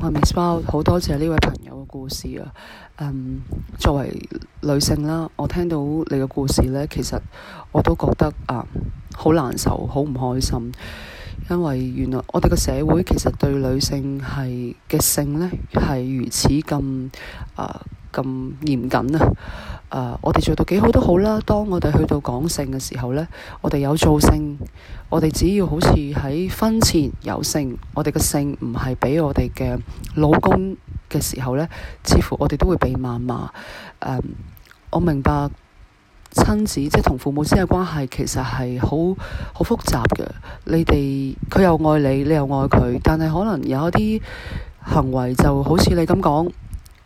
我係 Miss 包，好多謝呢位朋友嘅故事啊！嗯、um，作為女性啦，我聽到你嘅故事咧，其實我都覺得啊，好、uh, 難受，好唔開心，因為原來我哋個社會其實對女性係嘅性咧係如此咁啊～、uh, 咁嚴謹啊！Uh, 我哋做到幾好都好啦、啊。當我哋去到講性嘅時候呢，我哋有做性，我哋只要好似喺婚前有性，我哋嘅性唔係畀我哋嘅老公嘅時候呢，似乎我哋都會被罵罵、uh, 我明白親子即係同父母之間嘅關係其實係好好複雜嘅。你哋佢又愛你，你又愛佢，但係可能有一啲行為就好似你咁講。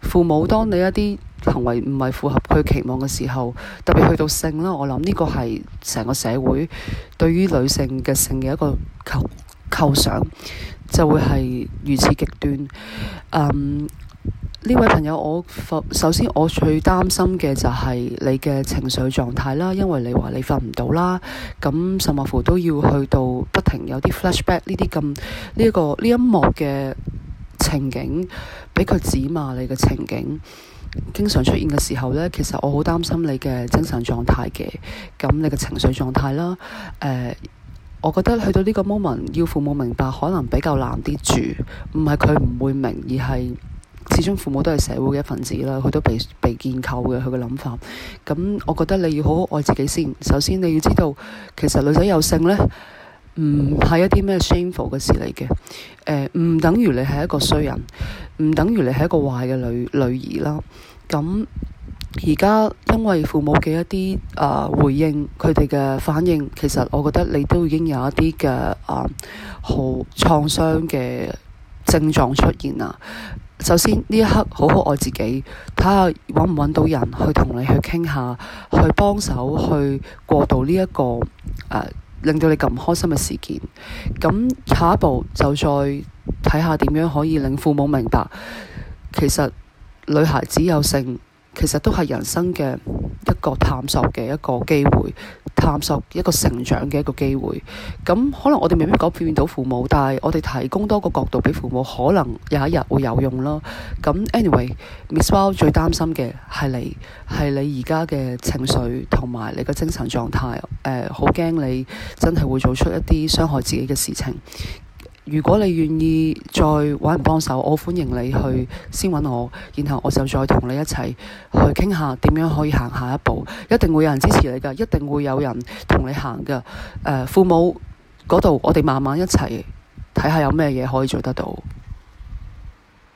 父母當你一啲行為唔係符合佢期望嘅時候，特別去到性啦，我諗呢個係成個社會對於女性嘅性嘅一個構構想，就會係如此極端。嗯，呢位朋友，我，我首先我最擔心嘅就係你嘅情緒狀態啦，因為你話你瞓唔到啦，咁甚或乎都要去到不停有啲 flashback 呢啲咁呢個呢一幕嘅。情景俾佢指罵你嘅情景，經常出現嘅時候呢，其實我好擔心你嘅精神狀態嘅，咁你嘅情緒狀態啦，呃，我覺得去到呢個 moment，要父母明白可能比較難啲住，唔係佢唔會明，而係始終父母都係社會嘅一份子啦，佢都被被建構嘅佢嘅諗法，咁我覺得你要好好愛自己先，首先你要知道，其實女仔有性呢。唔係、嗯、一啲咩 shameful 嘅事嚟嘅，誒、呃、唔等於你係一個衰人，唔等於你係一個壞嘅女女兒啦。咁而家因為父母嘅一啲啊、呃、回應，佢哋嘅反應，其實我覺得你都已經有一啲嘅啊好創傷嘅症狀出現啦。首先呢一刻好好愛自己，睇下揾唔揾到人去同你去傾下，去幫手去過渡呢一個誒。呃令到你咁唔開心嘅事件，咁下一步就再睇下點樣可以令父母明白，其實女孩子有性。其實都係人生嘅一個探索嘅一個機會，探索一個成長嘅一個機會。咁可能我哋未必改變到父母，但係我哋提供多個角度畀父母，可能有一日會有用咯。咁 anyway，Miss Wow、wow，最擔心嘅係你係你而家嘅情緒同埋你嘅精神狀態。誒、呃，好驚你真係會做出一啲傷害自己嘅事情。如果你願意再揾人幫手，我歡迎你去先揾我，然後我就再同你一齊去傾下點樣可以行下一步，一定會有人支持你㗎，一定會有人同你行㗎。呃，父母嗰度，我哋慢慢一齊睇下有咩嘢可以做得到。